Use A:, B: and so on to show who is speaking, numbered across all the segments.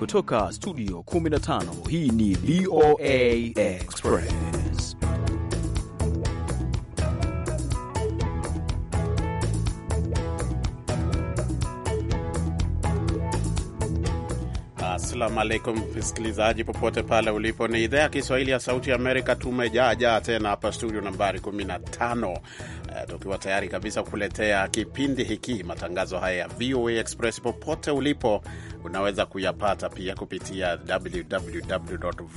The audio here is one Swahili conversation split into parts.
A: kutoka studio 15 hii ni VOA Express. Assalamu alaikum msikilizaji, popote pale ulipo, ni idhaa ya Kiswahili ya Sauti Amerika. tumejaajaa tena hapa studio nambari 15 Eh, tukiwa tayari kabisa kukuletea kipindi hiki. Matangazo haya ya VOA Express popote ulipo unaweza kuyapata pia kupitia www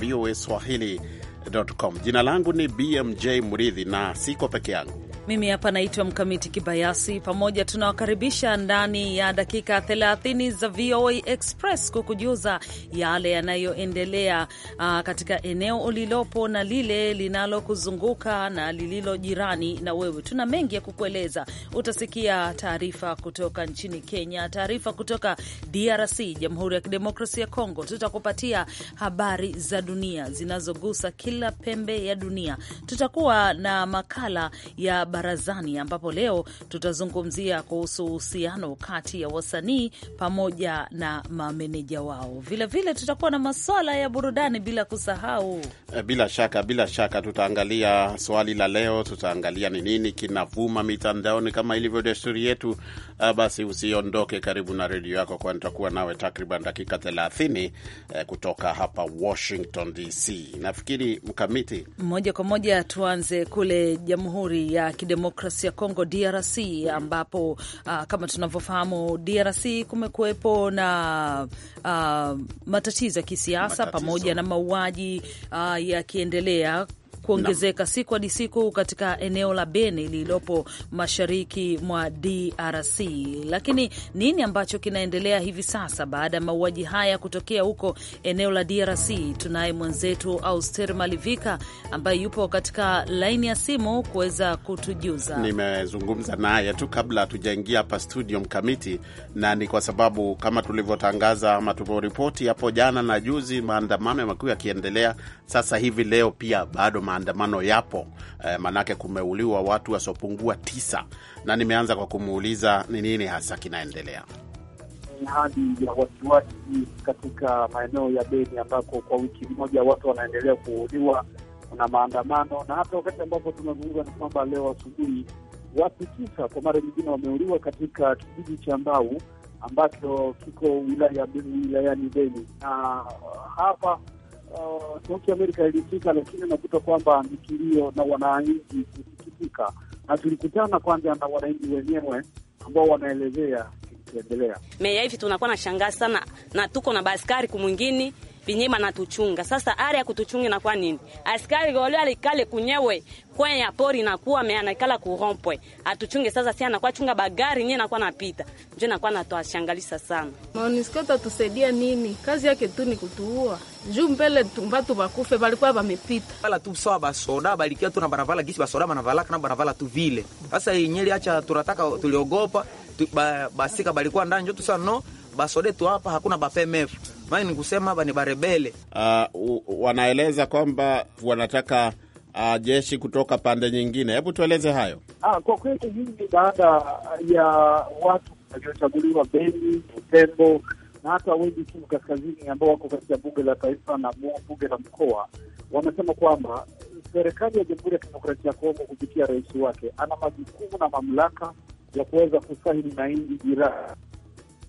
A: voa swahilicom Jina langu ni BMJ Muridhi na siko peke yangu
B: mimi hapa naitwa Mkamiti Kibayasi. Pamoja tunawakaribisha ndani ya dakika 30 za VOA Express kukujuza yale yanayoendelea uh, katika eneo ulilopo na lile linalokuzunguka na lililo jirani na wewe. Tuna mengi ya kukueleza. Utasikia taarifa kutoka nchini Kenya, taarifa kutoka DRC, Jamhuri ya Kidemokrasia ya Kongo. Tutakupatia habari za dunia zinazogusa kila pembe ya dunia. Tutakuwa na makala ya Barazani, ambapo leo tutazungumzia kuhusu uhusiano kati ya wasanii pamoja na mameneja wao. Vilevile tutakuwa na maswala ya burudani, bila kusahau,
A: eh, bila shaka, bila shaka tutaangalia swali la leo, tutaangalia ni nini kinavuma mitandaoni kama ilivyo desturi yetu. Eh, basi usiondoke karibu na redio yako, kwani tutakuwa nawe takriban dakika 30 eh, kutoka hapa Washington DC. Nafikiri mkamiti
B: moja kwa moja tuanze kule Jamhuri ya Kidemokrasia ya Kongo, DRC, ambapo uh, kama tunavyofahamu DRC kumekuwepo na uh, matatizo ya kisiasa pamoja na mauaji uh, yakiendelea kuongezeka siku hadi siku katika eneo la Beni lililopo mashariki mwa DRC. Lakini nini ambacho kinaendelea hivi sasa baada ya mauaji haya kutokea huko eneo la DRC? Tunaye mwenzetu Auster Malivika ambaye yupo katika laini ya simu kuweza kutujuza.
A: Nimezungumza naye tu kabla hatujaingia hapa studio Mkamiti, na ni kwa sababu kama tulivyotangaza ama tulivyoripoti hapo jana na juzi, maandamano yamekuwa yakiendelea sasa hivi leo pia bado maandamano yapo eh, manake kumeuliwa watu wasiopungua tisa, na nimeanza kwa kumuuliza ni nini hasa kinaendelea. Ni hali ya
C: wasiwasi katika maeneo ya Beni ambako kwa wiki moja watu wanaendelea kuuliwa, kuna maandamano na hata wakati ambapo tumezungumza ni kwamba leo asubuhi watu tisa kwa mara nyingine wameuliwa katika kijiji cha Mbau ambacho kiko wilaya wilayani Beni, na uh, hapa uh, Sauti Amerika ilifika, lakini unakuta kwamba ni kilio na wananchi kusikitika, na tulikutana kwanza na wananchi wenyewe ambao wanaelezea kilichoendelea.
B: Meya hivi tunakuwa na shangaa sana, na tuko na baskari kumwingini vinyima natuchunga sasa, ari ya kutuchunga inakuwa nini? Askari wale alikale kunyewe kwenye ya pori inakuwa ameanakala kurompwe atuchunge sasa, si anakuwa chunga bagari nye nakuwa napita, ndio nakuwa natoa shangalisa sana. Maonisko
D: tatusaidia nini? Kazi yake tu ni kutuua juu mbele vatu vakufe valikuwa bamepita
E: bala tu sawa basoda balikia tu na banavala gisi basoda banavalaka na banavala tu vile. Sasa yenyeli acha tunataka tuliogopa tu, ba, basika balikuwa ndani tu sana no basode tu hapa
A: hakuna bapemef maana nikusema kusema hapa ni barebele. Uh, ah, wanaeleza kwamba wanataka uh, jeshi kutoka pande nyingine. Hebu tueleze hayo.
C: Ah, kwa kweli hii baada ya watu waliochaguliwa Beni Butembo na hata wengi Kivu Kaskazini ambao wako katika bunge la taifa na bunge la mkoa wanasema kwamba serikali ya Jamhuri ya Kidemokrasia ya Kongo kupitia rais wake ana majukumu na mamlaka ya kuweza kusahili na nchi jirani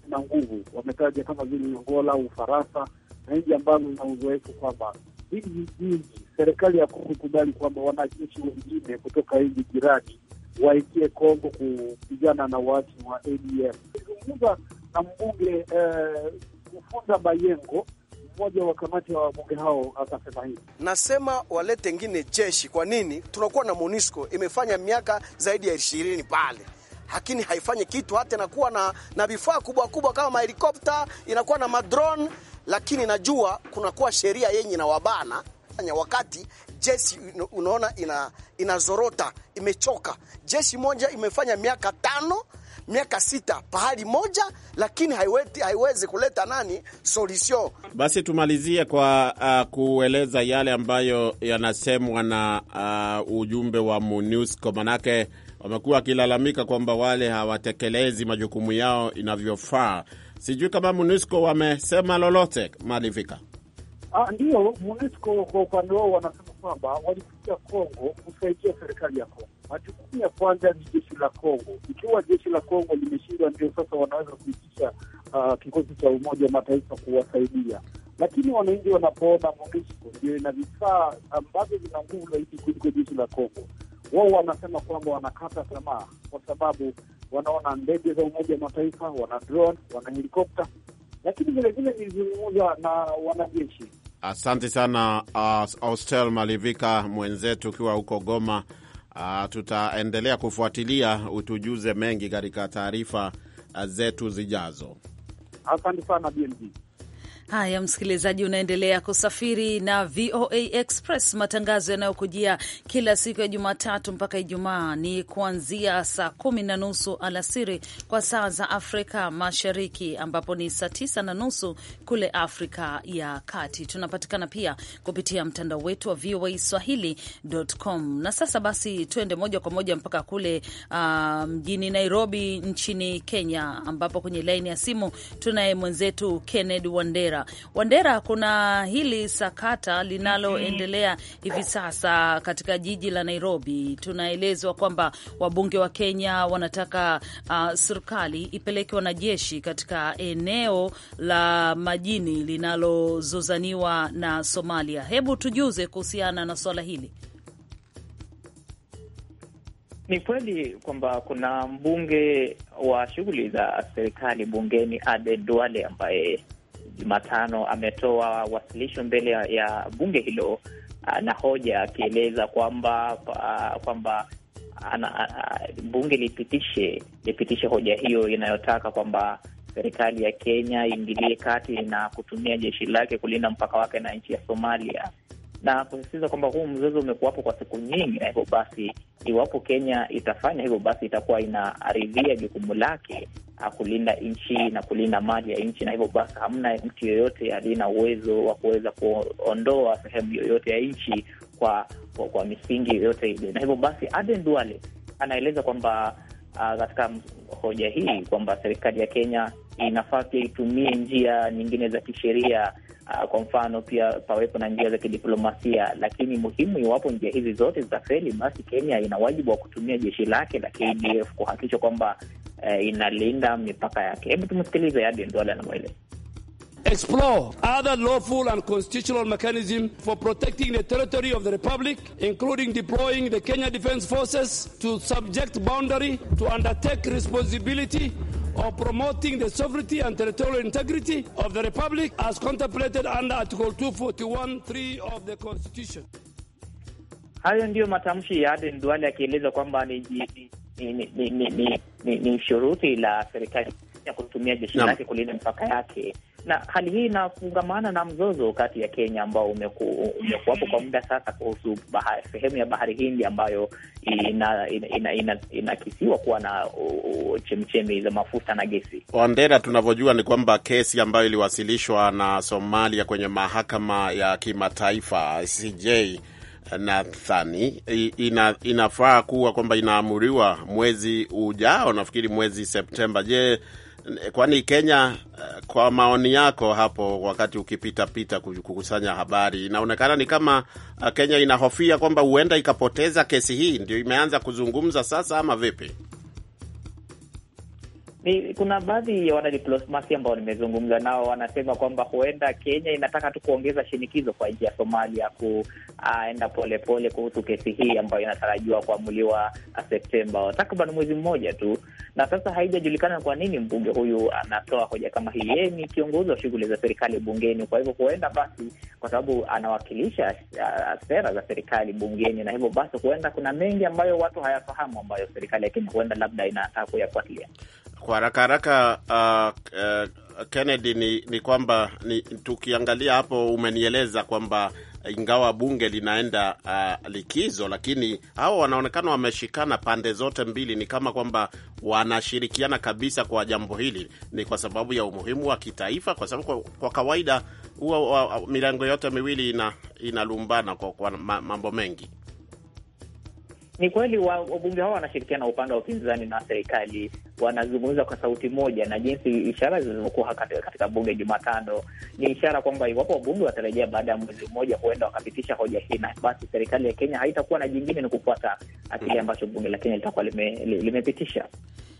C: na nguvu, wametaja kama vile Angola, Ufaransa na nchi ambazo zina uzoefu kwamba
F: hizi nchi
C: serikali ya kukubali kwamba wanajeshi wengine kutoka nchi jirani waingie Kongo kupigana na watu wa ADF. Akizungumza na mbunge eh, Mfunda eh, Bayengo, mmoja wa kamati ya wabunge hao akasema hivi,
A: nasema walete ngine jeshi. Kwa nini tunakuwa na MONUSCO imefanya miaka zaidi ya ishirini pale lakini haifanyi kitu, hata inakuwa na na vifaa kubwa kubwa kama mahelikopta, inakuwa na madron, lakini najua kunakuwa sheria yenye na fanya wakati jeshi unaona ina, inazorota imechoka. Jeshi moja imefanya miaka tano miaka sita pahali moja, lakini haiwezi, haiwezi kuleta nani solution. Basi tumalizie kwa uh, kueleza yale ambayo yanasemwa na uh, ujumbe wa MONUSCO manake wamekuwa wakilalamika kwamba wale hawatekelezi majukumu yao inavyofaa. Sijui kama MONUSCO wamesema lolote malivika.
C: Ah, ndio MONUSCO kwa upande wao wanasema kwamba walikuja Kongo kusaidia serikali ya Kongo Majukumu ya kwanza ni jeshi la Kongo. Ikiwa jeshi la Kongo limeshindwa, ndio sasa wanaweza kuitisha uh, kikosi cha Umoja wa Mataifa kuwasaidia, lakini wananchi wanapoona MONUSCO ndio ina vifaa ambavyo vina nguvu zaidi kuliko jeshi la Kongo, wao wanasema kwamba wanakata tamaa, kwa sababu wanaona ndege za Umoja wa Mataifa, wana drone, wana helikopta, lakini vilevile nilizungumza na wanajeshi.
A: Asante sana, uh, Austel Malivika mwenzetu ukiwa huko Goma. Uh, tutaendelea kufuatilia, utujuze mengi katika taarifa ah, zetu zijazo. Asante sana BMG.
B: Haya, msikilizaji, unaendelea kusafiri na VOA Express, matangazo yanayokujia kila siku ya Jumatatu mpaka Ijumaa ni kuanzia saa kumi na nusu alasiri kwa saa za Afrika Mashariki, ambapo ni saa tisa na nusu kule Afrika ya Kati. Tunapatikana pia kupitia mtandao wetu wa VOA Swahili.com. Na sasa basi, tuende moja kwa moja mpaka kule ah, mjini um, Nairobi nchini Kenya, ambapo kwenye laini ya simu tunaye mwenzetu Kenneth Wandera. Wandera. Wandera, kuna hili sakata linaloendelea hivi sasa katika jiji la Nairobi. Tunaelezwa kwamba wabunge wa Kenya wanataka uh, serikali ipeleke wanajeshi katika eneo la majini linalozozaniwa na Somalia. Hebu tujuze kuhusiana na swala hili.
E: Ni kweli kwamba kuna mbunge wa shughuli za serikali bungeni Aden Duale ambaye Jumatano ametoa wasilisho mbele ya bunge hilo na hoja akieleza kwamba kwamba bunge lipitishe lipitishe hoja hiyo inayotaka kwamba serikali ya Kenya iingilie kati na kutumia jeshi lake kulinda mpaka wake na nchi ya Somalia na kusisitiza kwamba huu mzozo umekuwapo kwa siku nyingi, na hivyo basi, iwapo Kenya itafanya hivyo, basi itakuwa inaridhia jukumu lake ah, kulinda nchi na kulinda mali ya nchi, na hivyo basi, hamna mtu yoyote aliyena uwezo wa kuweza kuondoa sehemu yoyote ya nchi kwa, kwa, kwa misingi yoyote ile, na hivyo basi, Aden Duale anaeleza kwamba Uh, katika hoja hii kwamba serikali ya Kenya inafaa pia itumie njia nyingine za kisheria Uh, kwa mfano pia pawepo na njia za kidiplomasia, lakini muhimu, iwapo njia hizi zote zitafeli, basi Kenya ina wajibu wa kutumia jeshi lake la KDF kuhakikisha kwamba uh, inalinda mipaka yake. Hebu tumsikilize Aden Duale anamweleza.
F: Explore other lawful and constitutional mechanism for protecting the territory of the republic, including deploying the Kenya Forces to subject boundary to undertake responsibility of promoting the sovereignty and territorial integrity of the Republic as contemplated under Article 241.3
A: of the Constitution.
F: Hayo ndiyo matamshi ya Aden Duale akieleza kwamba ni, ni, ni,
E: ni, ni, shuruti la serikali ya kutumia jeshi lake kulinda mpaka yake na hali hii inafungamana na mzozo kati ya Kenya ambao umekuwapo kwa muda sasa kuhusu sehemu ya bahari Hindi ambayo inakisiwa ina, ina, ina, ina kuwa na chemichemi za mafuta na gesi.
A: Wandera, tunavyojua ni kwamba kesi ambayo iliwasilishwa na Somalia kwenye mahakama ya kimataifa cj nadhani ina, inafaa kuwa kwamba inaamuriwa mwezi ujao, nafikiri mwezi Septemba. Je, Kwani Kenya, eh, kwa maoni yako hapo, wakati ukipita pita kukusanya habari, inaonekana ni kama eh, Kenya inahofia kwamba huenda ikapoteza kesi hii, ndio imeanza kuzungumza sasa, ama vipi?
E: ni, kuna baadhi ya wanadiplomasi ambao nimezungumza nao wanasema kwamba huenda Kenya inataka tu kuongeza shinikizo kwa nchi ya Somalia kuenda ah, polepole kuhusu kesi hii ambayo inatarajiwa kuamuliwa ah, Septemba, takriban mwezi mmoja tu. Na sasa haijajulikana kwa nini mbunge huyu anatoa hoja kama hii. Yeye ni kiongozi wa shughuli za serikali bungeni, kwa hivyo huenda basi, kwa sababu anawakilisha uh, sera za serikali bungeni, na hivyo basi huenda kuna mengi ambayo watu hayafahamu ambayo serikali ya Kenya huenda labda inataka kuyafuatilia
A: kwa haraka haraka uh, uh, Kennedy ni, ni kwamba ni, tukiangalia hapo umenieleza kwamba ingawa bunge linaenda uh, likizo, lakini hawa wanaonekana wameshikana pande zote mbili, ni kama kwamba wanashirikiana kabisa kwa jambo hili. Ni kwa sababu ya umuhimu wa kitaifa, kwa sababu kwa, kwa kawaida huwa milango yote miwili ina, inalumbana kwa, kwa mambo mengi
E: ni kweli wabunge hao wanashirikiana upande wa upinzani na serikali, wanazungumza kwa sauti moja, na jinsi ishara zilizokuwa katika bunge Jumatano ni ishara kwamba iwapo wabunge watarejea baada ya mwezi mmoja, huenda wakapitisha hoja hii, na basi serikali ya Kenya haitakuwa na jingine, ni kufuata kile ambacho bunge la Kenya litakuwa limepitisha lime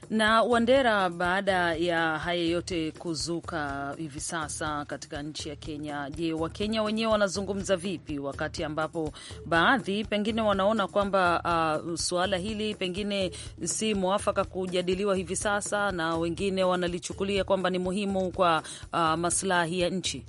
B: na Wandera, baada ya haya yote kuzuka hivi sasa katika nchi ya Kenya, je, Wakenya wenyewe wanazungumza vipi, wakati ambapo baadhi pengine wanaona kwamba uh, suala hili pengine si mwafaka kujadiliwa hivi sasa, na wengine wanalichukulia kwamba ni muhimu kwa uh,
E: maslahi ya nchi?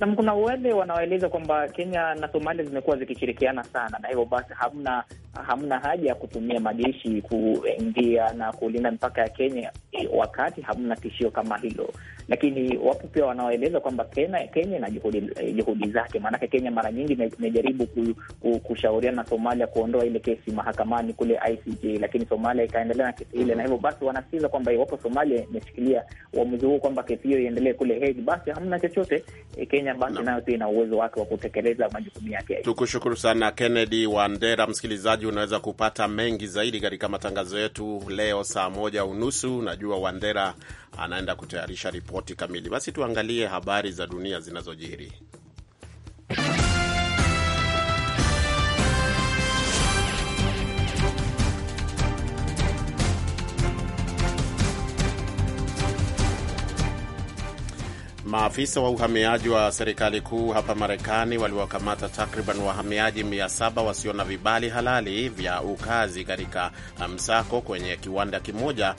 E: Nam, kuna wale wanaoeleza kwamba Kenya na Somalia zimekuwa zikishirikiana sana, na hivyo basi hamna hamna haja ya kutumia majeshi kuingia na kulinda mipaka ya Kenya wakati hamna tishio kama hilo. Lakini wapo pia wanaoeleza kwamba Kenya Kenya na juhudi, juhudi zake. Maanake Kenya mara nyingi imejaribu ku, ku, kushauriana na Somalia kuondoa ile kesi mahakamani kule ICJ, lakini Somalia ikaendelea na kesi ile, na hivyo basi wanasitiza kwamba iwapo Somalia imeshikilia uamuzi huo kwamba kesi hiyo iendelee kule Hague, basi hamna chochote. E, Kenya basi nayo pia ina uwezo wake wa kutekeleza majukumu yake.
A: Tukushukuru sana Kennedy Wandera, msikilizaji msikilizaji, unaweza kupata mengi zaidi katika matangazo yetu leo saa moja unusu. Najua Wandera anaenda kutayarisha ripoti kamili. Basi tuangalie habari za dunia zinazojiri. Maafisa wa uhamiaji wa serikali kuu hapa Marekani waliwakamata takriban wahamiaji 700 wasio na vibali halali vya ukazi katika msako kwenye kiwanda kimoja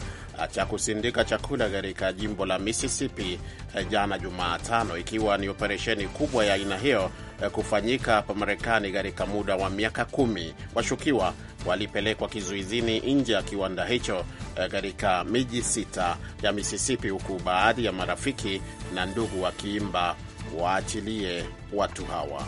A: cha kusindika chakula katika jimbo la Mississippi eh, jana Jumatano, ikiwa ni operesheni kubwa ya aina hiyo eh, kufanyika hapa Marekani katika muda wa miaka kumi. Washukiwa walipelekwa kizuizini nje ya kiwanda hicho eh, katika miji sita ya Mississippi, huku baadhi ya marafiki na ndugu wakiimba waachilie watu hawa.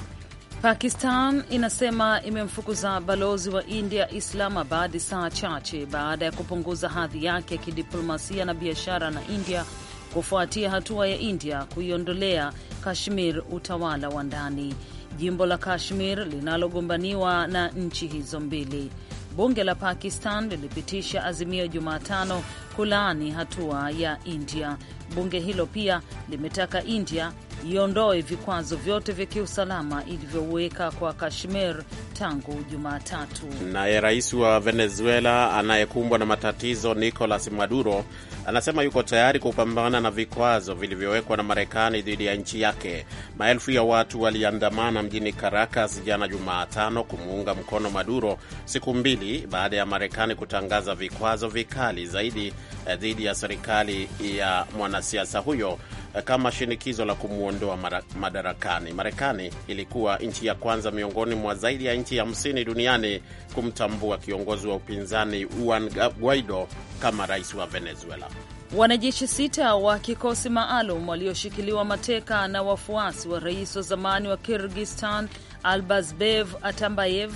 B: Pakistan inasema imemfukuza balozi wa India Islamabad saa chache baada ya kupunguza hadhi yake ya kidiplomasia na biashara na India kufuatia hatua ya India kuiondolea Kashmir utawala wa ndani, jimbo la Kashmir linalogombaniwa na nchi hizo mbili. Bunge la Pakistan lilipitisha azimio Jumatano kulaani hatua ya India. Bunge hilo pia limetaka India iondoe vikwazo vyote vya kiusalama ilivyoweka kwa Kashmir tangu Jumatatu.
A: Naye rais wa Venezuela anayekumbwa na matatizo Nicolas Maduro anasema yuko tayari kupambana na vikwazo vilivyowekwa na Marekani dhidi ya nchi yake. Maelfu ya watu waliandamana mjini Caracas jana Jumatano kumuunga mkono Maduro, siku mbili baada ya Marekani kutangaza vikwazo vikali zaidi Eh, dhidi ya serikali ya mwanasiasa huyo eh, kama shinikizo la kumwondoa madarakani. Marekani ilikuwa nchi ya kwanza miongoni mwa zaidi ya nchi hamsini duniani kumtambua kiongozi wa upinzani Juan Guaido kama rais wa Venezuela.
B: Wanajeshi sita wa kikosi maalum walioshikiliwa mateka na wafuasi wa rais wa zamani wa Kirgistan Albazbev Atambayev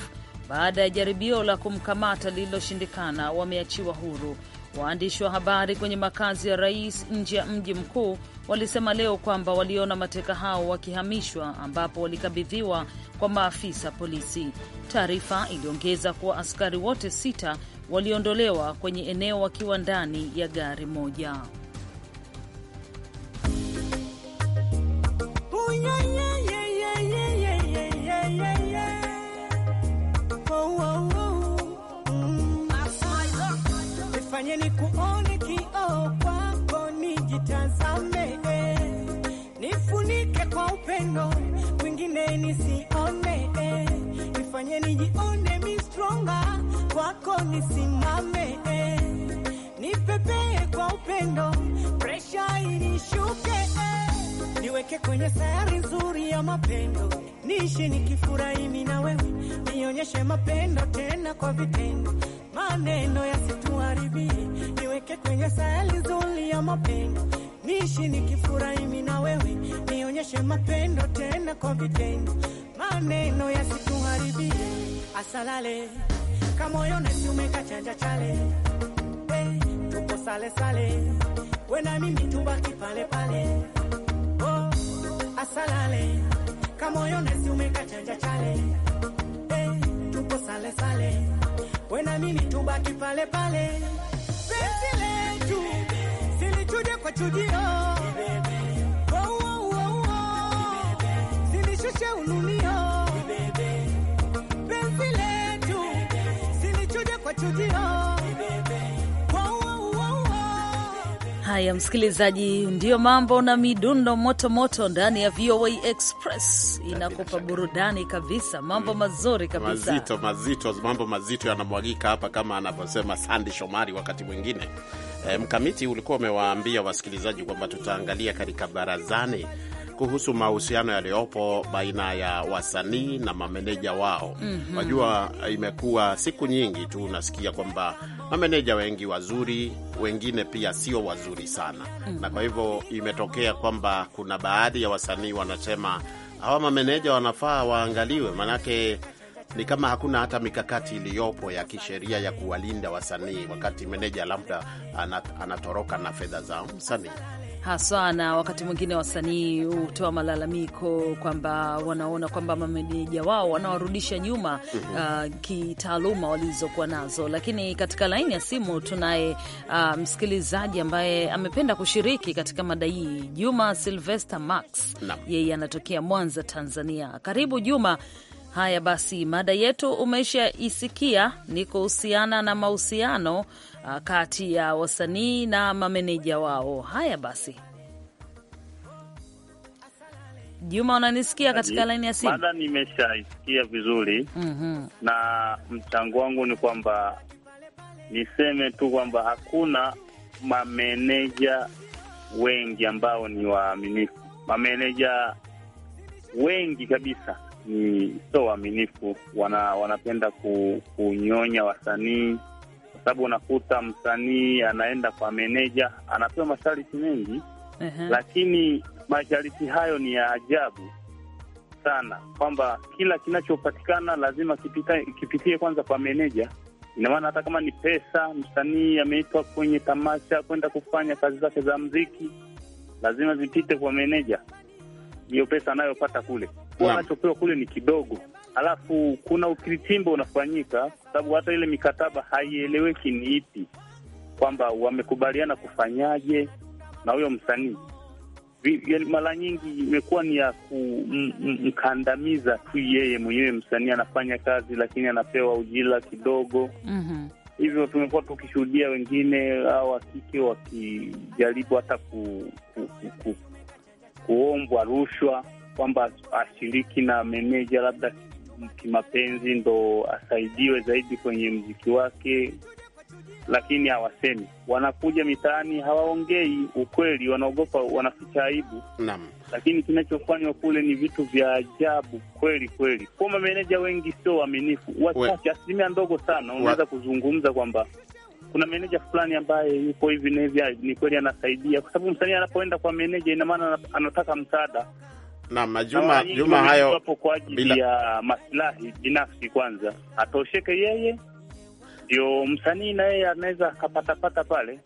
B: baada ya jaribio la kumkamata lililoshindikana wameachiwa huru. Waandishi wa habari kwenye makazi ya rais nje ya mji mkuu walisema leo kwamba waliona mateka hao wakihamishwa, ambapo walikabidhiwa kwa maafisa polisi. Taarifa iliongeza kuwa askari wote sita waliondolewa kwenye eneo wakiwa ndani ya gari moja.
G: fanyeni kuone kioo kwako, nijitazame nifunike kwa upendo, kwingine nisione nifanye jione mi stronga kwako, nisimame nipepee kwa upendo, presha inishuke niweke kwenye sayari nzuri ya mapendo, niishi nikifurahi mimi na wewe, nionyeshe mapendo tena kwa vitendo maneno yasituharibie, niweke kwenye sayali zuri ya mapendo, niishi nikifurahi mimi na wewe, nionyeshe mapendo tena kwa vitendo, maneno yasituharibie. Asalale na siumeka chanja chale hey, tuko sale sale, we na mimi tubaki pale pale oh, asalale na siumeka chanja chale hey, tuko sale sale we na mimi tubaki pale pale, penzi letu silichuje kwa chujio, oh, oh, oh, oh, silishushe ununio
B: Haya msikilizaji, ndiyo mambo na midundo moto moto ndani ya VOA Express inakupa burudani kabisa, mambo mm. mazuri kabisa, mazito
A: mazito, mambo mazito yanamwagika hapa, kama anavyosema Sandi Shomari. Wakati mwingine e, Mkamiti, ulikuwa umewaambia wasikilizaji kwamba tutaangalia katika barazani kuhusu mahusiano yaliyopo baina ya wasanii na mameneja wao. mm -hmm. imekuwa siku nyingi tu unasikia kwamba mameneja wengi wazuri, wengine pia sio wazuri sana. mm -hmm. Na kwa hivyo imetokea kwamba kuna baadhi ya wasanii wanasema hawa mameneja wanafaa waangaliwe, manake ni kama hakuna hata mikakati iliyopo ya kisheria ya kuwalinda wasanii wakati meneja labda anatoroka na fedha za msanii
B: haswa na wakati mwingine wasanii hutoa malalamiko kwamba wanaona kwamba mameneja wao wanawarudisha nyuma mm -hmm. uh, kitaaluma walizokuwa nazo. Lakini katika laini ya simu tunaye uh, msikilizaji ambaye amependa kushiriki katika mada hii, Juma Silvester Max. Yeye anatokea Mwanza, Tanzania. Karibu Juma. Haya basi, mada yetu umeshaisikia ni kuhusiana na mahusiano uh, kati ya wasanii na mameneja wao. Haya basi, Juma, unanisikia katika laini ya simu? Mada
F: nimeshaisikia vizuri.
G: mm -hmm.
F: Na mchango wangu ni kwamba niseme tu kwamba hakuna mameneja wengi ambao ni waaminifu. Mameneja wengi kabisa ni sio waaminifu, wana, wanapenda ku, kunyonya wasanii kwa sababu unakuta msanii anaenda kwa meneja anapewa masharti mengi uh -huh. Lakini masharti hayo ni ya ajabu sana kwamba kila kinachopatikana lazima kipitie, kipitie kwanza kwa meneja. Ina maana hata kama ni pesa, msanii ameitwa kwenye tamasha kwenda kufanya kazi zake za mziki, lazima zipite kwa meneja, hiyo pesa anayopata kule anachopewa kule ni kidogo, alafu kuna ukiritimba unafanyika, kwa sababu hata ile mikataba haieleweki ni ipi, kwamba wamekubaliana kufanyaje na huyo msanii. Mara nyingi imekuwa ni ya kumkandamiza tu yeye mwenyewe. Msanii anafanya kazi, lakini anapewa ujira kidogo. mm -hmm. Hivyo tumekuwa tukishuhudia wengine au wakike wakijaribu hata ku, ku, ku, ku, kuombwa rushwa kwamba ashiriki na meneja labda kimapenzi ndo asaidiwe zaidi kwenye mziki wake, lakini hawasemi. Wanakuja mitaani hawaongei ukweli, wanaogopa, wanaficha aibu. Naam, lakini kinachofanywa kule ni vitu vya ajabu kweli kweli. Kwa mameneja wengi sio waaminifu, wachache, asilimia ndogo sana unaweza kuzungumza kwamba kuna meneja fulani ambaye yuko hivi na hivi, ni kweli anasaidia, kwa sababu msanii anapoenda kwa meneja, ina maana anataka msaada
A: na majuma na juma hayo hapo
F: kwa ajili bila... ya maslahi binafsi kwanza, atosheke yeye, ndio msanii na yeye anaweza akapatapata pale.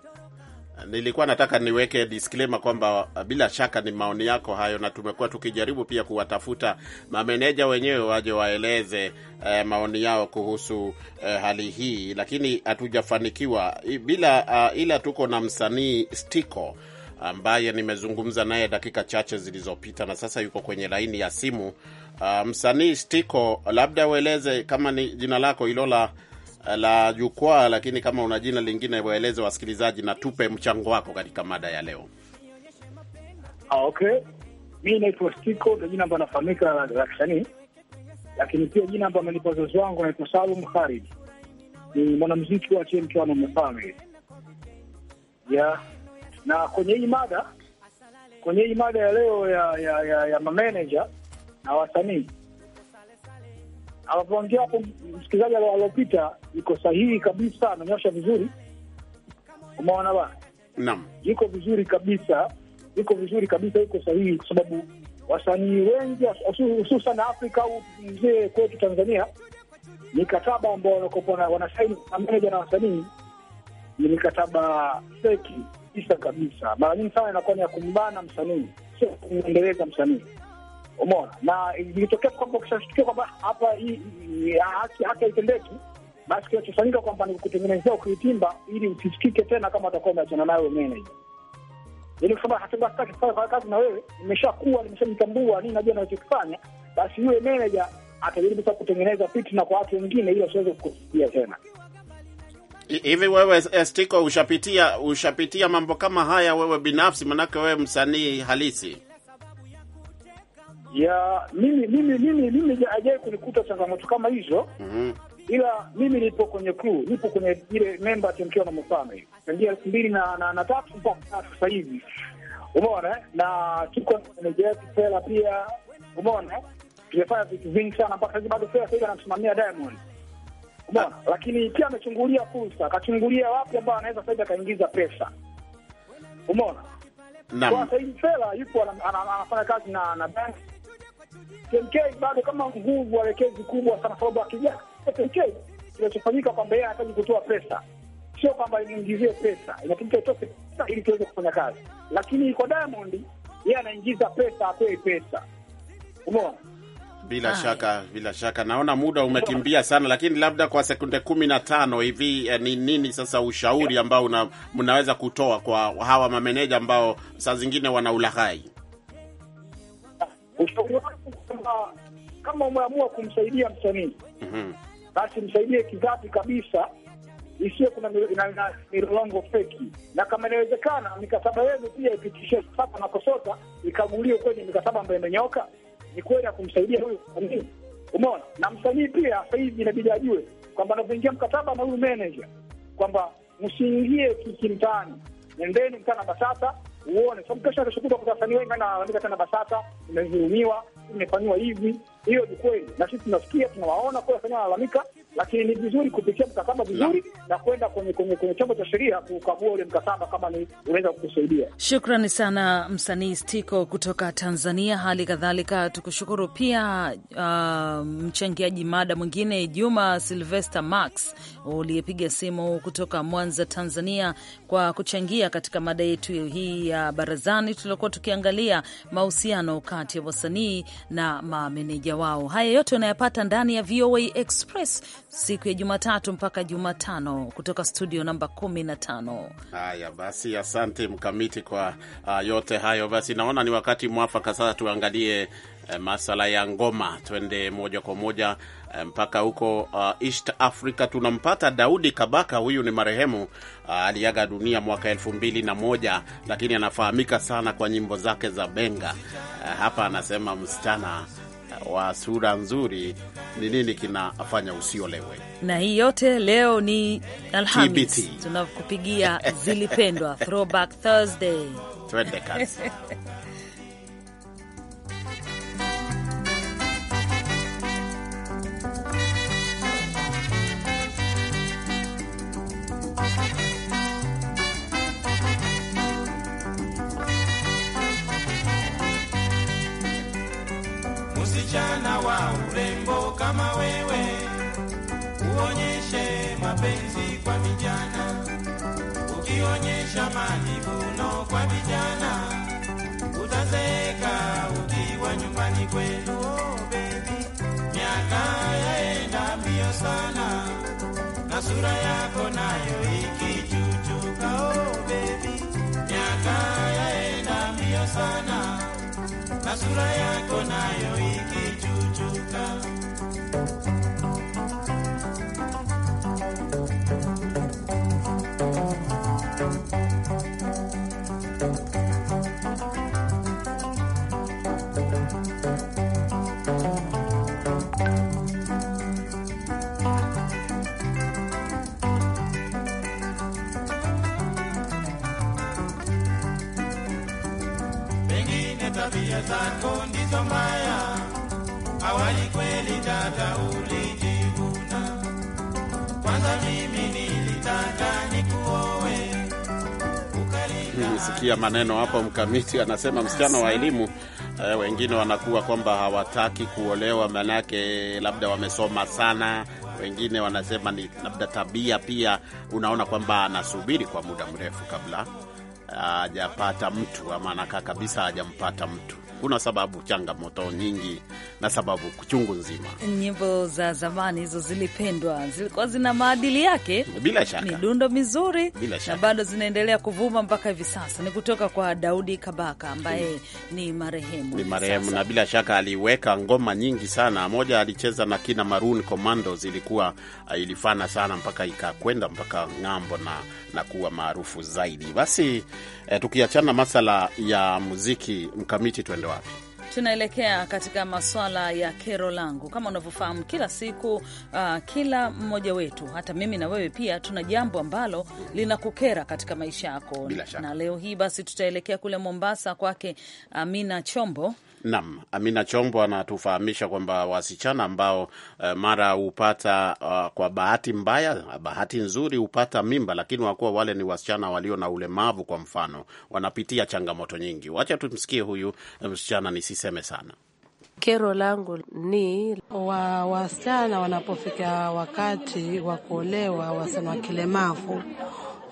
A: Nilikuwa nataka niweke disclaimer kwamba uh, bila shaka ni maoni yako hayo, na tumekuwa tukijaribu pia kuwatafuta mameneja wenyewe waje waeleze eh, maoni yao kuhusu eh, hali hii, lakini hatujafanikiwa bila, uh, ila tuko na msanii Stiko ambaye nimezungumza naye dakika chache zilizopita na sasa yuko kwenye laini ya simu. Uh, msanii Stiko, labda ueleze kama ni jina lako hilo la la jukwaa, lakini kama una jina lingine waeleze wasikilizaji na tupe mchango wako katika mada ya leo.
C: Ah, okay. Mi naitwa Stiko, ndo jina ambayo anafahamika la kisanii, lakini pia jina ambayo amenipa wazazi wangu naitwa Salum Harid, ni mwanamziki wa Chemchwano Mfalme. Yeah. Na kwenye hii mada kwenye hii mada ya leo ya ya, ya, ya mameneja na wasanii alivyoongea hapo msikilizaji aliopita, iko sahihi kabisa, amenyosha vizuri. Umeona bana? Naam, iko vizuri kabisa, iko vizuri kabisa, iko sahihi kwa sababu wasanii wengi hususan Afrika au mzee kwetu Tanzania, mikataba ambao wanakopa wanasaini mameneja na wasanii ni mikataba feki isa kabisa. Mara nyingi sana inakuwa ni ya kumbana msanii, sio kumwendeleza msanii. Umeona, na ilitokea kwamba ukishashtukia kwamba hapa haki haitendeki, basi kinachofanyika kwamba ni kutengenezea ukiitimba ili usisikike tena, kama atakuwa umeachana nayo meneja ili yaani kusema hataki kufanya kazi na wewe, nimeshakuwa nimeshamtambua, nini najua nachokifanya, basi yule meneja atajaribu sasa kutengeneza fitna kwa watu wengine ili wasiweze kukusikia tena.
A: Hivi wewe Estiko, ushapitia ushapitia mambo kama haya wewe binafsi, manake wewe msanii halisi?
C: Ya mimi mimi mimi mimi hajawahi kunikuta changamoto kama hizo mm -hmm. Ila mimi nipo kwenye crew, nipo kwenye ile memba temkiwa na mfano tangia elfu mbili na, na, na tatu mpaka sasa hivi, umeona, eh? na tuko meneja yetu Fela pia, umeona, tumefanya vitu vingi sana mpaka hivi, bado Fela sasa hivi anamsimamia Diamond Umeona, lakini pia amechungulia fursa, akachungulia wapi ambao anaweza sasa akaingiza pesa. Umeona, kwa sasa Fela yupo anafanya kazi na na bank KMK bado kama nguvu alekezi kubwa sana, sababu akija KMK kinachofanyika kwamba yeye anahitaji kutoa pesa, sio kwamba imwingizie pesa, inatumika itoke pesa ili tuweze kufanya kazi. Lakini kwa Diamond yeye anaingiza pesa, apewe pesa,
A: umeona bila shaka, bila shaka. Naona muda umekimbia sana, lakini labda kwa sekunde kumi na tano hivi eh, ni nini sasa ushauri ambao una, mnaweza kutoa kwa hawa mameneja ambao saa zingine wana ulaghai?
C: Ushauri wangu kwamba kama umeamua kumsaidia msanii mm-hmm. basi msaidie kidhati kabisa, isiwe kuna milolongo feki, na kama inawezekana mikataba yenu pia ipitishe sasa na KOSOTA ikaguliwe kwenye mikataba ambayo imenyoka ni kweli ya kumsaidia huyu msanii, umeona. Na msanii pia sasa hivi inabidi ajue kwamba anavyoingia mkataba na huyu manager kwamba msiingie kikimtaani, nendeni mkaa na BASATA uone sababu kesho atashukuta kwa wasanii wengi ana wanaandika tena BASATA imehurumiwa imefanyiwa hivi. Hiyo ni kweli, na sisi tunasikia tunawaona kwa wasanii wanalalamika lakini ni vizuri kupitia mkataba vizuri na kwenda kwenye kwenye kwenye chombo cha sheria kukagua ule mkataba kama ni unaweza kukusaidia.
B: Shukrani sana msanii Stiko kutoka Tanzania. Hali kadhalika tukushukuru pia uh, mchangiaji mada mwingine Juma Silvester Max uliyepiga simu kutoka Mwanza, Tanzania, kwa kuchangia katika mada yetu hii ya uh, barazani. Tuliokuwa tukiangalia mahusiano kati ya wasanii na mameneja wao. Haya yote unayapata ndani ya VOA Express siku ya Jumatatu mpaka Jumatano kutoka studio namba 15.
A: Haya basi, asante Mkamiti kwa uh, yote hayo. Basi naona ni wakati mwafaka sasa tuangalie uh, masala ya ngoma. Twende moja kwa moja eh, mpaka huko uh, East Africa tunampata Daudi Kabaka. Huyu ni marehemu uh, aliaga dunia mwaka elfu mbili na moja, lakini anafahamika sana kwa nyimbo zake za benga. Uh, hapa anasema msichana wa sura nzuri ni nini kinafanya usiolewe.
B: Na hii yote leo ni alhamis tunakupigia zilipendwa throwback Thursday.
A: Twende kazi.
F: mrembo kama wewe, uonyeshe mapenzi kwa vijana. Ukionyesha malivuno kwa vijana, utazeeka ukiwa nyumbani kwenu. Oh, baby,
G: miaka yaenda mbio sana na sura yako nayo ikichuchuka. Oh, baby, miaka yaenda mbio sana na sura yako nayo iki
F: tabia zako ndizo mbaya
G: ulinikata, ulijivuna. Kwanza mimi nilitaka nikuoe.
A: Sikia maneno hapo, mkamiti anasema msichana wa elimu eh, wengine wanakuwa kwamba hawataki kuolewa, manake labda wamesoma sana. Wengine wanasema ni labda tabia pia, unaona kwamba anasubiri kwa muda mrefu kabla hajapata mtu, ama anakaa kabisa hajampata mtu kuna sababu changamoto nyingi na sababu kuchungu nzima.
B: Nyimbo za zamani hizo zilipendwa, zilikuwa zina maadili yake, bila shaka midundo mizuri, bila shaka, na bado zinaendelea kuvuma mpaka hivi sasa. Ni kutoka kwa Daudi Kabaka ambaye ni marehemu, ni marehemu, na
A: bila shaka aliweka ngoma nyingi sana. Moja alicheza na kina Maroon Commandos, ilikuwa ah, ilifana sana mpaka ikakwenda mpaka ng'ambo na, na kuwa maarufu zaidi. Basi eh, tukiachana masala ya muziki mkamiti, twende wapi?
B: Tunaelekea katika maswala ya kero langu. Kama unavyofahamu, kila siku uh, kila mmoja wetu, hata mimi na wewe pia, tuna jambo ambalo linakukera katika maisha yako, na leo hii basi tutaelekea kule Mombasa kwake Amina Chombo
A: nam Amina Chombo anatufahamisha kwamba wasichana ambao uh, mara hupata uh, kwa bahati mbaya, bahati nzuri hupata mimba, lakini wakuwa wale ni wasichana walio na ulemavu, kwa mfano, wanapitia changamoto nyingi. Wacha tumsikie huyu eh, msichana, nisiseme sana.
D: Kero langu ni wa wasichana wanapofika wakati wa kuolewa, wasichana wa kilemavu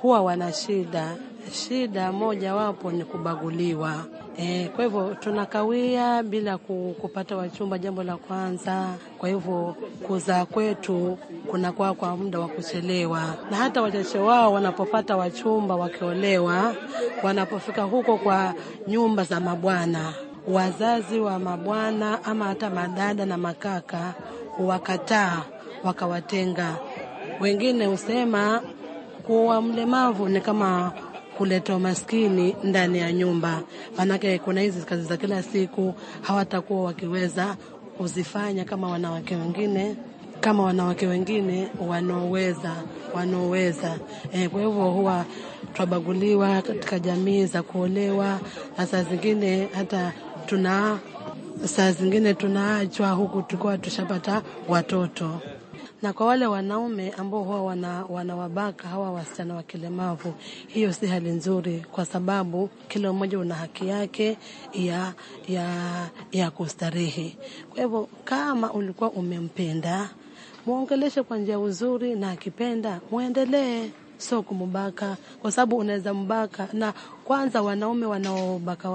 D: huwa wana shida. Shida mojawapo ni kubaguliwa E, kwa hivyo tunakawia bila kupata wachumba, jambo la kwanza. Kwa hivyo kuzaa kwetu kunakuwa kwa muda wa kuchelewa, na hata wachache wao wanapopata wachumba wakiolewa, wanapofika huko kwa nyumba za mabwana, wazazi wa mabwana ama hata madada na makaka wakataa, wakawatenga. Wengine husema kuwa mlemavu ni kama kuleta umaskini ndani ya nyumba, maanake kuna hizi kazi za kila siku hawatakuwa wakiweza kuzifanya kama wanawake wengine kama wanawake wengine wanaoweza wanaoweza. E, eh, kwa hivyo huwa twabaguliwa katika jamii za kuolewa, na saa zingine hata tuna saa zingine tunaachwa huku tukiwa tushapata watoto na kwa wale wanaume ambao huwa wana, wanawabaka hawa wasichana wa kilemavu, hiyo si hali nzuri, kwa sababu kila mmoja una haki yake ya, ya, ya kustarehe. Kwa hivyo kama ulikuwa umempenda mwongeleshe kwa njia uzuri, na akipenda mwendelee sio kumbaka, kwa sababu unaweza mbaka na kwanza wanaume wanaobaka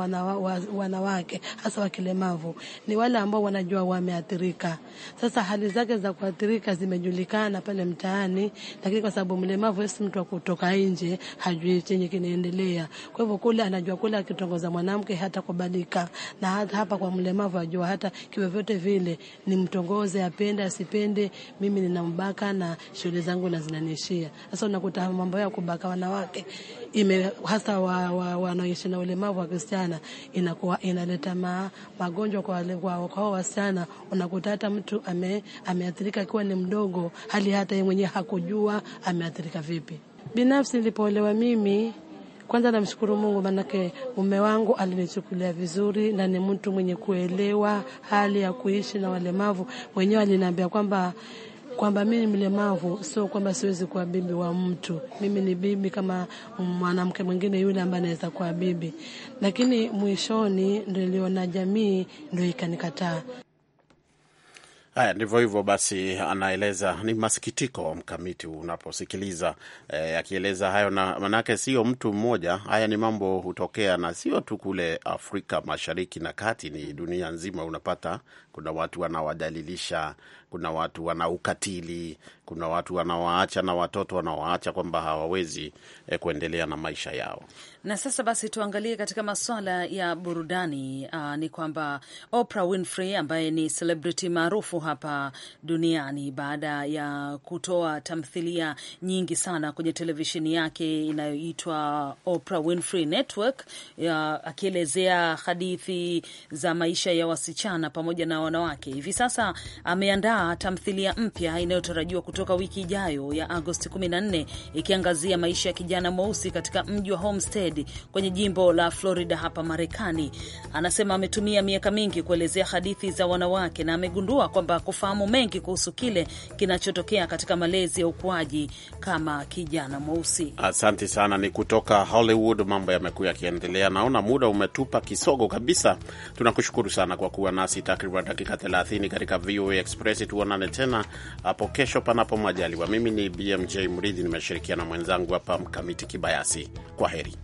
D: wanawake hasa wakilemavu ni wale ambao wanajua wameathirika. Sasa hali zake za kuathirika zimejulikana pale mtaani, lakini kwa sababu mlemavu si mtu wa kutoka nje, hajui chenye kinaendelea. Kwa hivyo kule anajua kule akitongoza mwanamke hata kubadilika, na hata hapa kwa mlemavu ajua hata kiwe vyote vile ni mtongoze, apende asipende, mimi ninambaka na shughuli zangu na zinanishia. Sasa unakuta mambo ya kubaka wanawake ime, hasa wanaoishi na ulemavu wa kisichana inakuwa inaleta ma, magonjwa kwa wale kwa kwa wasichana. Unakuta hata mtu ame, ameathirika akiwa ni mdogo, hali hata yeye mwenyewe hakujua ameathirika vipi. Binafsi nilipoolewa mimi kwanza namshukuru Mungu maanake mume wangu alinichukulia vizuri na ni mtu mwenye kuelewa hali ya kuishi na walemavu. Mwenyewe aliniambia kwamba kwamba mimi ni mlemavu, sio kwamba siwezi kuwa bibi wa mtu. Mimi ni bibi kama mwanamke mwingine yule ambaye anaweza kuwa bibi, lakini mwishoni ndo iliona jamii ndo ikanikataa.
A: Haya, ndivyo hivyo basi, anaeleza ni masikitiko mkamiti unaposikiliza eh, akieleza hayo, na manake sio mtu mmoja. Haya ni mambo hutokea, na sio tu kule Afrika Mashariki na Kati, ni dunia nzima. Unapata kuna watu wanawajalilisha kuna watu wanaukatili, kuna watu wanawaacha na watoto wanawaacha kwamba hawawezi eh, kuendelea na maisha yao.
B: Na sasa basi tuangalie katika masuala ya burudani. Uh, ni kwamba Oprah Winfrey ambaye ni celebrity maarufu hapa duniani, baada ya kutoa tamthilia nyingi sana kwenye televisheni yake inayoitwa Oprah Winfrey Network, akielezea hadithi za maisha ya wasichana pamoja na wanawake, hivi sasa ameandaa tamthilia mpya inayotarajiwa kutoka wiki ijayo ya Agosti 14 ikiangazia maisha ya kijana mweusi katika mji wa Homestead Floyd kwenye jimbo la Florida hapa Marekani. Anasema ametumia miaka mingi kuelezea hadithi za wanawake na amegundua kwamba kufahamu mengi kuhusu kile kinachotokea katika malezi ya ukuaji kama kijana mweusi.
A: Asante sana, ni kutoka Hollywood. Mambo yamekuwa yakiendelea, naona muda umetupa kisogo kabisa. Tunakushukuru sana kwa kuwa nasi takriban dakika 30 katika VOA Express. Tuonane tena hapo kesho, panapo majaliwa. Mimi ni BMJ Mridhi, nimeshirikiana mwenzangu hapa Mkamiti Kibayasi. Kwa heri.